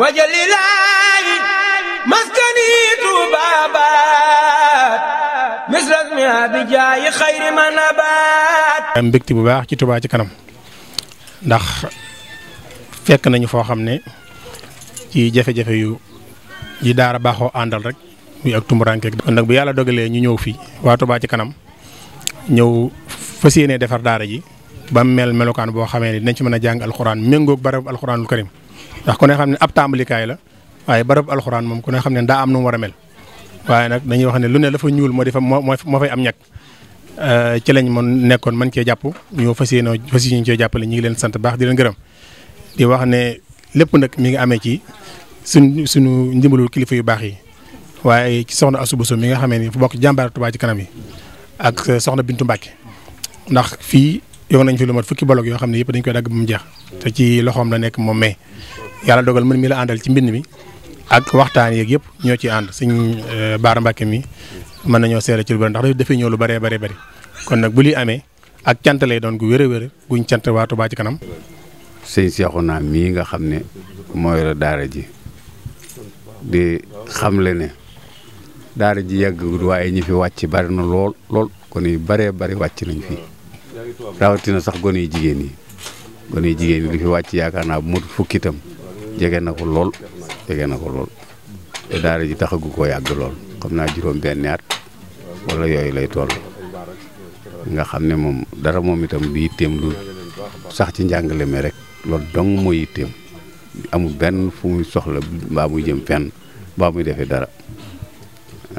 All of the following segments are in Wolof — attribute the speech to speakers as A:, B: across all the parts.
A: wajalilaayi maskani tuubaabaat misrasmi abijaayi xayri man abaat
B: am mbégte bu baax ci tubaa ci kanam ndax fekk nañu foo xam ne ci jafe-jafe yu yi daara baaxoo àndal rek muy ak tumuraanke kon bu yàlla dogalee ñu ñëw fii waa tubaa ci kanam ñëw fas yéenee defar daara ji ba mel melokaan boo xamee ne dinañ ci mën a jàng alxuraan méngoog barab alxuraanul karim ndax ku ne xam ne ab tàmbalikaay la waaye barab alxuraan moom ku ne xam ne ndaa am nu mu war a mel waaye nag dañuy wax ne lu ne la fa ñuul moo di fa moo fay am ñàkk euh, ci lañ mën nekkoon man cee jàpp ñoo fas yéenoo fas yéene cee jàppale ñu ngi leen sant baax di leen gërëm di wax ne lépp nag mi ngi amee ci suñ suñu ndimbalul kilifa yu baax yi waaye ci soxna Astou mi nga xamee ni fu bokk jàmbaar Touba ci kanam yi ak soxna Bintu Mbàkke ndax fii yow nañ fi lu mat fukki bolog yoo xam ne yëpp dañ koy dagg bu mu jeex te ci loxoom la nekk moom mais yàlla dogal man mi la àndal ci mbind mi ak waxtaan yeeg yëpp ñoo ci ànd sëñ euh, baar Mbàkke mi mën nañoo seere ci lu bëri ndax dafay lu bëree bëri kon nag bu li amee ak cant doon gu wér a wér guñ cant waa Touba ci kanam.
C: sëñ Cheikhouna mii nga xam ne mooy la daara ji di xamle ne daara ji yàggagul waaye ñi fi wàcc bari na lool lool gone yu bëree bëri wàcc nañ fi rawatina sax gone yu jigéen yi gone jigéen yi li fi wàcc yaakaar naa bu mot jege na ko lool jege na ko lool te daara ji taxagu ko yàgg lool xam naa juróom benni at wala yooyu lay toll nga xam ne moom dara moom itam du yitteem lu sax ci njàngale mi rek loolu dong mooy yitteem amul benn fu muy soxla mbaa muy jëm fenn mbaa muy defee dara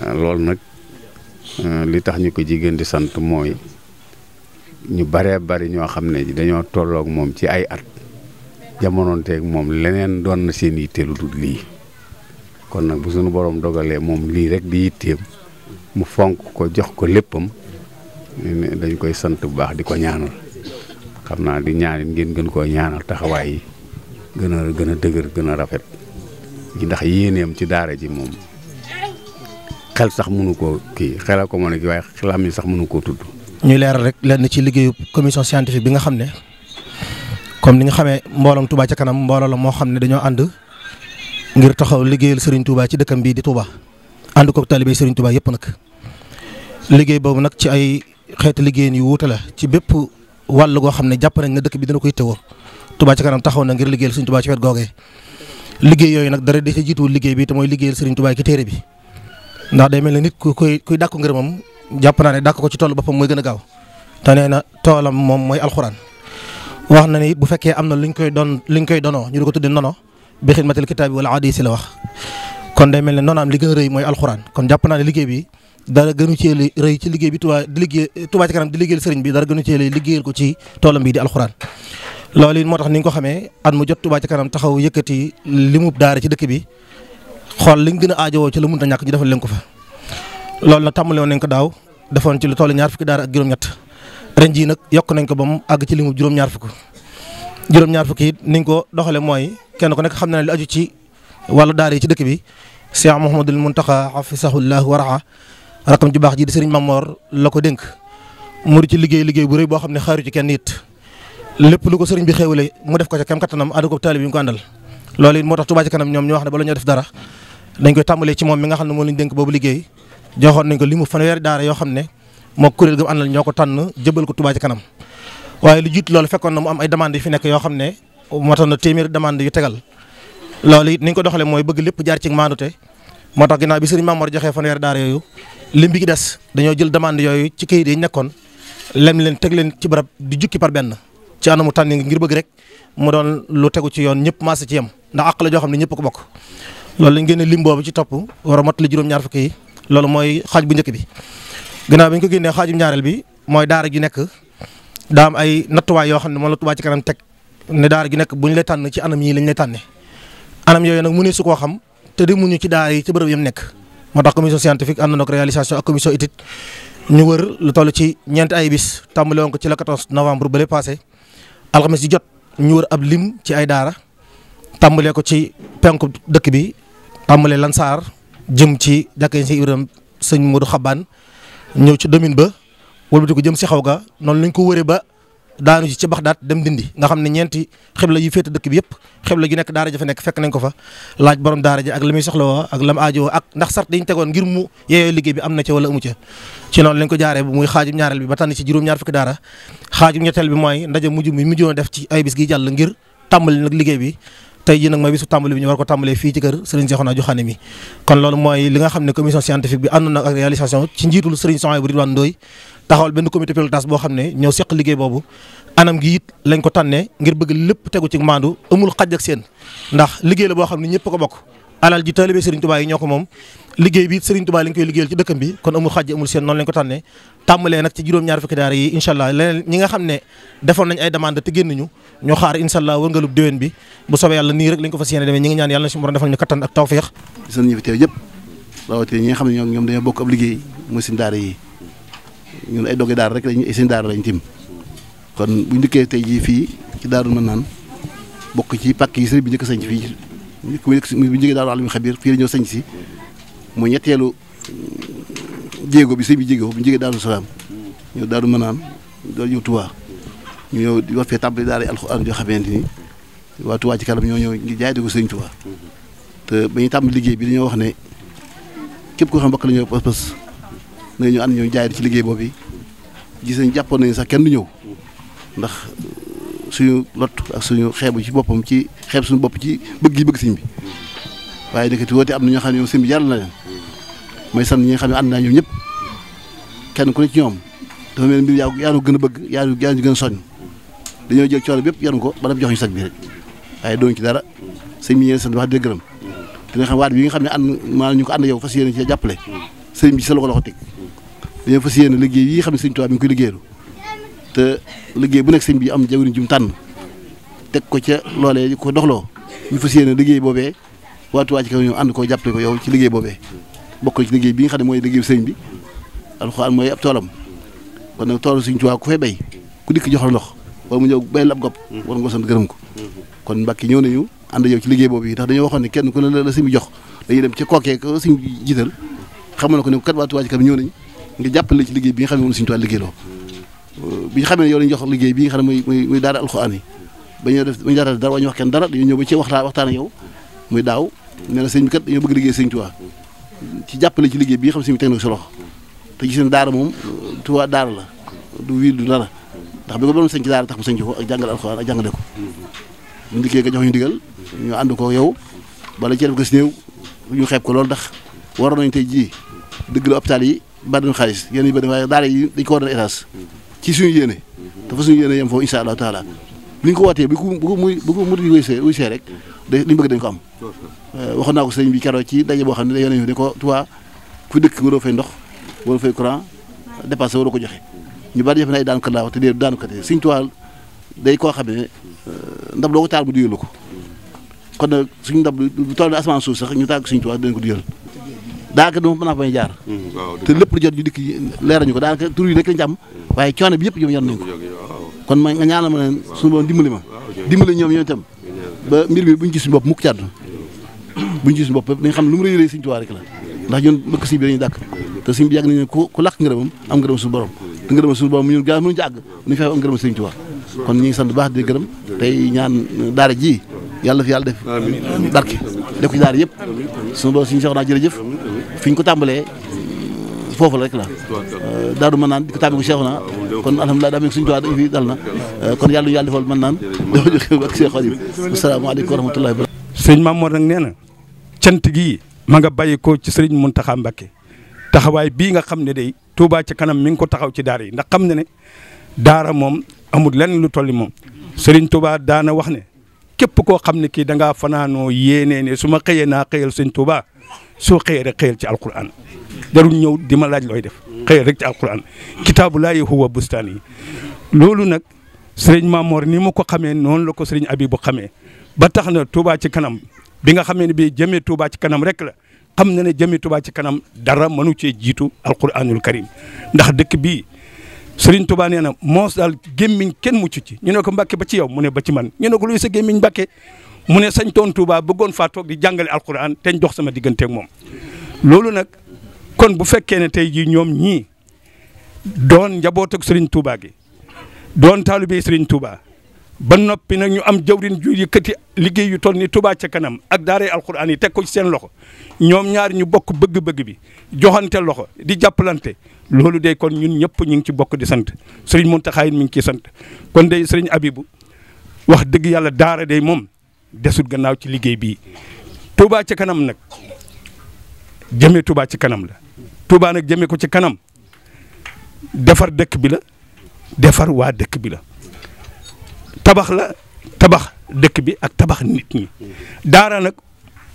C: euh, loolu nag euh, li tax ñu ko jigéen di sant mooy ñu bare bari ñoo xam ne dañoo tolloog moom ci ay at jamonoonteeg moom leneen doon na seen yitte lu dul lii kon nag bu sunu boroom dogalee moom lii rek di yitteem mu fonk ko jox ko léppam dañ koy sant bu baax di ko ñaanal xam naa di ñaanit ngeen gën koo ñaanal taxawaay yi gën a gën a dëgër gën a rafet ndax yéeneem ci daara ji moom xel sax mënu koo kii xelal ko mën a kii waaye xelam yi sax mënu koo tudd.
D: ñuy leeral rek lenn ci liggéeyu commission scientifique bi nga xam ne. comme ni nga xamee mbooloom Touba ca kanam mbooloo la moo xam ne dañoo ànd ngir taxaw liggéeyal sëriñ Touba ci dëkkam bii di Touba ànd koog taalibey Serigne Touba yëpp nag. liggéey boobu nag ci ay xeetu liggéeyin yu wuute la ci bépp wàll goo xam ne jàpp nañ ne dëkk bi dina koy tëwoo Touba ca kanam taxaw na ngir liggéeyal Serigne ci wet googee. liggéey yooyu nag dara di ci jiitu liggéey bi te mooy bi ndax mel ne nit ku koy kuy dàkku ngërëmam jàpp naa ne dàkk ko ci toolu boppam mooy gën a gaaw te nee na toolam moom mooy alxuraan wax na ni bu fekkee am na luñ koy doon luñ koy donoo ñu di ko tuddee nono bi xidmatil kitaabi wala aadi si la wax. kon day mel ne noonu am li gën a rëy mooy alxuraan kon jàpp naa ne liggéey bi dara gënu cee rëy ci liggéey bi Touba di liggéey Touba ci kanam di liggéeyal sëriñ bi dara gënu cee liggéeyal ko ci toolam bi di moo tax ni nga ko xamee at mu jot Touba ci kanam taxaw yëkkati mu daara ci dëkk bi xool liñ gën a aajowoo ci la mënta ñàkk ñu defal leen ko fa loolu nag tàmmale woon nañ ko daaw defoon ci lu toll ñaar fukki daara ak juróom-ñett ren jii nag yokk nañ ko ba mu àgg ci limu juróom-ñaar fukk juróom-ñaar fukk it niñ ko doxale mooy kenn ku nekk xam na ne li ci wàllu daara yi ci dëkk bi Cheikh Mouhamadul Mountakha hafisahullah waraa rakam ju baax ji di Serigne Mamor la ko dénk mu di ci liggéey liggéey bu rëy boo xam ne xaaru ci kenn it lépp def ko ca kem kattanam ànd ko taalib yi mu ko àndal loolu it moo tax Touba ca ñoom ñu wax ne bala ñoo def dara dañ koy tàmbalee ci moom mi nga xam ne moo lañ dénk boobu liggéey joxoon nañ ko limu fanweeri daara yoo xam ne moo kuréel gi mu àndal ñoo ko tànn jëbal ko Touba ci kanam waaye lu jiitu loolu fekkoon na mu am ay demandes yu fi nekk yoo xam ne matoon na téeméeri demande yu tegal loolu it ni ko doxalee mooy bëgg lépp jaar ci maandute moo tax na bi sëriñ Mamoor joxee fanweeri daara yooyu lim bi gi des dañoo jël demande yooyu ci kayit yi nekkoon lem leen teg leen ci barab di jukki par benn ci anamu tànn ngir bëgg rek mu doon lu tegu ci yoon ñëpp maas ci yem ndax àq la joo xam ne ñëpp ko bokk loolu lañ génne limboo boobu ci topp war a mot li juróom-ñaar fukki loolu mooy xaaj bu njëkk bi ginnaaw bi ñu ko génnee xaajum ñaareel bi mooy daara ju nekk daam ay nattuwaay yoo xam ne moom la Touba ci kanam teg ne daara ju nekk bu ñu lay tànn ci anam yii lañ lay tànne anam yooyu nag mu ne su koo xam te di muñu ci daara yi ci bërëb yam nekk moo tax commission scientifique ànd na ko réalisation ak commission étude ñu wër lu toll ci ñeenti ay bis tàmbale woon ko ci le 14 novembre ba lay passé alxames yi jot ñu wër ab lim ci ay daara tàmbalee ko ci penku dëkk bi tàmbalee Lansar jëm ci jàkkee si Ibrahima sëñ Modou Xabaan ñëw ci domaine ba wëlbati ko jëm si xaw ga noonu lañ ko wëree ba daanu ji ci daat dem dindi nga xam ne ñeenti xibla yi féete dëkk bi yëpp xibla gi nekk daara ja fa nekk fekk nañ ko fa laaj borom daara ja ak la muy soxlawoo ak lam aajowoo ak ndax sart yi tegoon ngir mu yeeyoo liggéey bi am na ca wala amu ca ci noonu lañ ko jaaree bu muy xaajum ñaareel bi ba tànn ci juróom-ñaar fukki daara xaajum ñetteel bi mooy ndaje mujj mi mujjoon def ci ay bis gi jàll ngir tàmbali liggéey bi tey ji nag mooy bisu tàmbali bi ñu war ko tàmbalee fii ci kër Serigne Cheikhouna Dioukhane mi kon loolu mooy li nga xam ne commission scientifique bi ànd na ak réalisation ci njiitul Serigne Souhaïbou Ridwane Ndoye taxawal benn comité pilotage boo xam ne ñoo seq liggéey boobu anam gi it lañ ko tànnee ngir bëgg lépp tegu ci maandu amul xaj ak seen ndax liggéey la boo xam ne ñëpp ko bokk alal ji taalibe Serigne Touba yi ñoo ko moom liggéey bi Serigne Touba lañ koy liggéeyal ci dëkkam bi kon amul xàjj amul seen noonu lañ ko tànnee tàmbalee nag ci juróom-ñaar fukki daara yi incha allah leneen ñi nga xam ne defoon nañ ay demande te génnuñu ñoo xaar incha allah wërngalub déwén bi bu soobee yàlla nii rek lañ ko fas yéene demee ñi nga
E: xam ne ñoom dañoo bokk ab liggéey muy seen daara yi ñun ay dogge daara rek lañ seen daara lañ tim kon tey jii fii ci daaru mën naan bokk ci pàkk yi sëriñ bi njëkk mu njëkk bu jógee daal wàllum xabiir fii la ñëw si mooy ñetteelu mm, jéego bi sëñ bi jéego bu jógee daaru salaam ñëw daaru manaan doo ñëw Tuubaa ñu ñëw di wax fee tàmbali daara alxuraan joo xamante ni waa Tuubaa ci kanam ñoo ñëw ngir jaay di ko sëñ Tuubaa te ba ñu tàmbali liggéey bi dañoo wax ne képp koo xam bokk lañu ñëw pas-pas na ñu ànd ñoo jaay di ci liggéey boobu gis nañ jàppoon nañu sax kenn du ñëw ndax suñu lot ak suñu xeebu ci boppam ci xeeb suñu bopp ci bëgg yi bëgg sëñ bi waaye nekkati woote am na ñoo xam ne ñoom sëñ bi yàlla na leen may sant xam ne ànd naa ñoom ñëpp kenn ku ne ci ñoom dafa mel mbir yaa gën bëgg yaanu yaanu gën a soññ dañoo jël coono bi yëpp yanu ko ba daf jox ñu sag bi rek waaye doon ci dara sëñ bi ñeen sant wax dëgg gërëm te nga xam waat bi nga xam ne ànd maanaam ñu ko ànd yow fas yéene ci jàppale sëñ bi ci sa loxo loxo teg dañoo fas yéene liggéey yi xam ne sëñ Tuubaa mi ngi koy liggéeylu te liggéey bu nekk sëñ bi am jawriñ jum tànn teg ko ca loolee di ko doxloo ñu fas yéene liggéey boobee waa Touba Ca ko jàppale ko yow ci liggéey boobee bokk ci liggéey bi nga xam ne mooy liggéey sëñ bi alxuraan mooy ab toolam kon nag toolu suñu Touba ku fay bay ku dikk jox la ndox wala mu ñëw bay la ab gopp war nga sant ko kon mbàkki ñëw nañu ànd yow ci liggéey boobu yi ndax dañoo waxoon ne kenn ku ne la sëñ bi jox dañuy dem ko ne kat waa Touba ñëw nañ nga jàppale ci liggéey bi nga xam ne moom suñu Touba liggéey loo bi ñu xamee ne yow lañu jox liggéey bi nga xam ne muy muy muy daara alxuraan yi ba ñu def ba ñu dara dara waa ñu wax kenn dara dañu ñëw ba ci waxtaan waxtaan ak yow muy daaw nee na sëñ bi kat dañoo bëgg liggéey sëñ Tuubaa ci jàppale ci liggéey bi nga xam sëñ bi teg na ko si loxo te gis na daara moom Tuubaa daara la du wii du dara ndax bi ko doon sëñ ci daara tax mu sëñ ko ak jàngal alxuraan ak jàngale ko ñu ndikkee nga jox ñu ndigal ñu ànd ko yow bala ci def ko si néew ñu xeeb ko loolu ndax waroon nañ tey jii dëgg la hôpital yi bari nañ xaalis yéen yi bari waaye daara yi dañ ko war a étage ci suñu yéene dafa suñu yéene yem foofu incha allahu taala li ñu ko wootee bu ko ko muy bu ko mu wuy see wuy see rek day li ñu bëgg ko am euh, waxoon naa ko sëriñ bi keroo ci daje boo xam ne yéen ne ko Tuubaa ku dëkk waroo fay ndox waroo fay courant dépassé waroo ko joxe ñu bari jafe na ay daan kat laa wax te dee daanu kat sëriñ Tuubaa day ko xam ne euh, ndab loo ko taal mu duyal ko kon nag suñu ndab lu toll ne asamaan suuf sax ñu tàgg sëriñ Tuubaa dañ ko daanaka du ma mën a bañ jaar mm, te lépp lu jot ñu dikk leerañu ko daanaka tur yi rek lañ ci am mm. waaye coono bi yëpp ñoom yor nañ ko kon ma nga ñaanal ma ne suñu borom dimbali ma dimbali ñoom ñoom itam ba mbir bi buñu gis suñu bopp mukk ci àdduna mm. buñu gis bopp dañ xam lu mu rëy rëy Sëriñ Tuubaa rek la ndax ñun bëkk si bi dañuy dàkk te suñ bi yàgg nañu ku ku làkk ngërëmam am ngërëm suñu borom te ngërëm suñu borom ñun gaa mënuñu ci àgg ñu fexe kon ñu ngi sant di gërëm tey ñaan daara ji yàlla fi yàlla de barke def ko ci daara yëpp suñu borom suñu soxnaa jërëjëf fi ñu ko tàmbalee foofu la rek la euh, daaru mën naan di ko tàmbali ko Cheikhouna kon alhamdulilah daa mel ni suñu euh, yàlla yàlla defal mën naan wa rahmatullahi wa barakatuh sëñ Mamour nee na
F: cant gii ma nga bàyyi ko ci sëriñ Mountakha Mbacké taxawaay bii nga xam ne day Touba ci kanam mi ngi ko taxaw ci daara yi ndax xam ne ne daara moom amul lenn lu tolli moom sëriñ Touba daana wax ne képp koo xam ne kii da ngaa fanaanoo yéenee ne su ma xëyee naa xëyal sëñ Touba soo xëyee rek xëyal ci alquran jarul ñëw di ma laaj looy def xëyal rek ci alquran kitaabu laahi huwa bustaan yi loolu nag sëriñ Mamor ni ma ko xamee noonu la ko sëriñ Abibu xamee ba tax na Touba ci kanam bi nga xamee ne bii jëmee Touba ci kanam rek la xam na ne jëmee Touba ci kanam dara mënu cee jiitu alquranul karim ndax dëkk bi sëriñ Touba nee na moos daal gémmiñ kenn mucc ci ñu ne ko Mbàkke ba ci yow mu ne ba ci man ñu ne ko luy sa gémmiñ Mbàkke mu ne sañ toon Touba bëggoon faa toog di jàngale alquran te ñu dox sama digganteeg moom loolu nag kon bu fekkee ne tey jii ñoom ñii doon njaboot ak Serigne Touba gi doon taalibe Serigne Touba ba noppi nag ñu am jawrin ju yëkkati liggéey yu toll ni Touba ca kanam ak daaree alquran yi teg ko ci seen loxo ñoom ñaar ñu bokk bëgg-bëgg bi joxante loxo di jàppalante loolu de kon ñun ñëpp ñu ngi ci bokk di sant Serigne Mountakha mi ngi ciy sant kon de Serigne Abibou wax dëgg yàlla daara day moom. desut gannaaw ci liggéey bi Touba ci kanam nag jëmee Touba ci kanam la Touba nag jëmee ko ci kanam defar dëkk bi la defar waa dëkk bi la tabax la tabax dëkk bi ak tabax nit ñi daara nag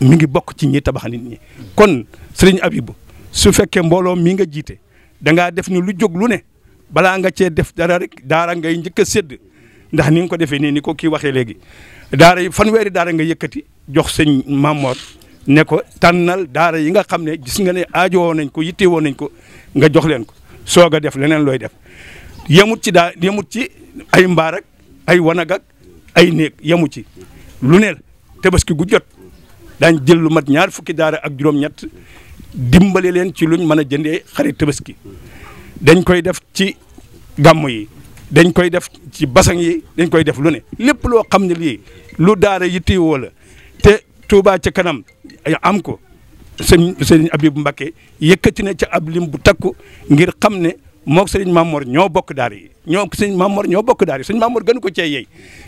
F: mu ngi bokk ci ñi tabax nit ñi kon sëriñ Abibu su fekkee mbooloo mi nga jiite da ngaa def ni lu jóg lu ne balaa nga cee def dara rek daara ngay njëkk a sédd ndax ni nga ko defee nii ni ko kii waxee léegi daara yi fanweeri daara nga yëkkati jox sëñ Mamor ne ko tànnal daara yi nga xam ne gis nga ne aajowoo nañ ko yittewoo nañ ko nga jox leen ko soog a def leneen looy def yemut ci daa yemut ci ay mbaar ay wanag ay néeg yemu ci lu ne tabaski gu jot daañ jël lu mat ñaar fukki daara ak juróom-ñett dimbale leen ci luñ mën a jëndee xarit tabaski dañ koy def ci gàmm yi dañ koy def ci basang yi dañ koy def lu ne lépp loo xam ne lii lu daara yittewoo la te Touba ca kanam am ko sëñ sëñ Abib Mbakke yëkkati na ca ab lim bu takku ngir xam ne moog sëñ Mamor ñoo bokk daara yi ñoo sëñ Mamor ñoo bokk daara yi sëñ Mamor gënu ko cee yee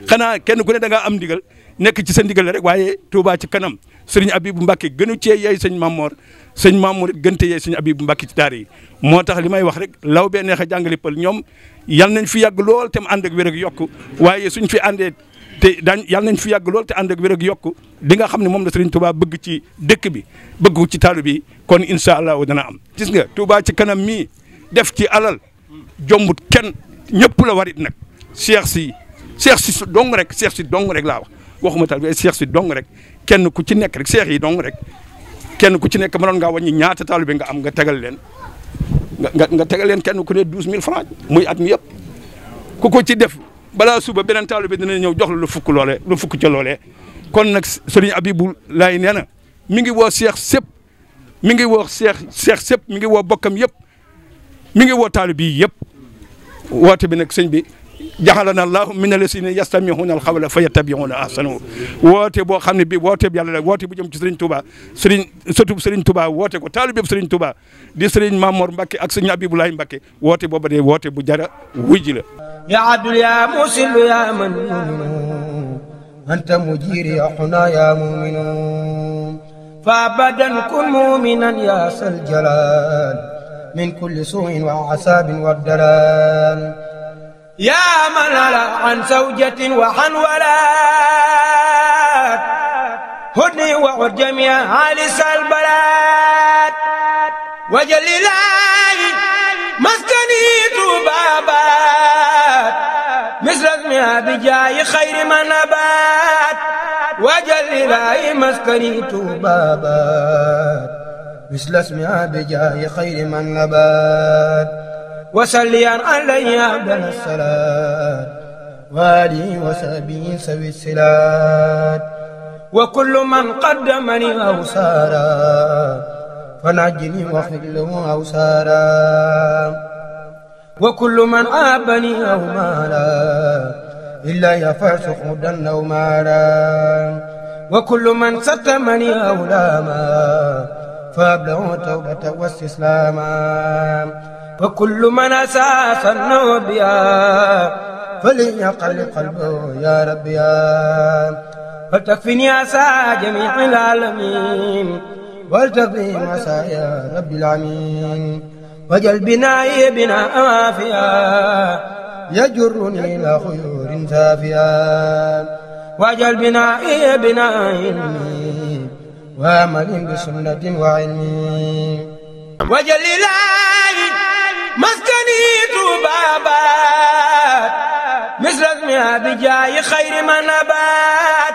F: xanaa kenn ku ne da ngaa am ndigal nekk ci sa ndigal rek waaye Touba ci kanam sëriñ Abibu Mbacke gënu cee yeey sëñ Mamor sëñ Mamor gënte yeey sëñ Abibu Mbacke ci daara yi moo tax li may wax rek law bee neex a jàngale pël ñoom yal nañ fi yàgg lool te mu ànd ak yokku waaye suñ fi àndee te daañ yal nañ fi yàgg lool te ànd ak wér yokku di xam ne moom la sëriñ Touba bëgg ci dëkk bi bëgg ko ci taalu bi kon incha allahu dana am. gis nga Touba ci kanam mi def ci alal jombut kenn ñëpp la warit nag seex si seex si dong rek seex si dong rek laa wax waxuma tal seex si dong rek kenn ku ci nekk rek seex yi dong rek kenn ku ci nekk mënoon ngaa wàññi ñaata taalibe nga am nga tegal leen nga nga tegal leen kenn ku ne douze mille francs muy at mi yëpp ku ko ci def balaa suba beneen taalibe dina ñëw jox la lu fukk loole lu fukk ca loole kon nag sëriñ Abibu lay nee na mi ngi woo seex sëpp mi ngi woo seex seex sëpp mi ngi woo bokkam yëpp mi ngi woo taalibe yi yëpp woote bi nag sëñ bi jaxalana allahu min allasina yastamihuna alxawla fa yattabiuna ahsanahu woote boo xam ne bii woote bi yàlla la woote bu jëm ci Serigne Touba Serigne sëtub Serigne Touba woote ko taalibe bi Serigne Touba di Serigne Mamor Mbacke ak Serigne Abibulaay Mbacke woote booba dee woote bu jara wujji la ya adul ya musil ya
A: man anta mujir ya xuna ya muminun fa abadan kun muminan ya sal jalal min kulli suin wa asabin wa dalal yaa man ala an zawjatin wa an walaat hudni wa ud jamia alisal balaat wajalilaahi maskani tubabat misrasmi abijaayi xayri manabat wajalilaahi maskani tubabat misrasmi abijaayi xayri manabat وصلي علي عبد الصلاة وآلي وصحبه سوي الصلاة وكل من قدمني أو سارا فنجني واخرج له أو سارا وكل من آبني أو مالا إلا يفعس خدا أو مالا وكل من ستمني أو لاما فأبلغ توبة واستسلاما وكل من أساس النوبيا فليقل قلبه يا ربي فلتكفني أسى جميع العالمين ولتقضي مسا يا رب العالمين وجل بنائي بنا أوافيا يجرني إلى خيور سافيا وجل بنائي بنا علمي وامل بسنة وعلمي وجل إلهي maskani Tuubaa baat misras mi abi jaayi xayri ma nabaat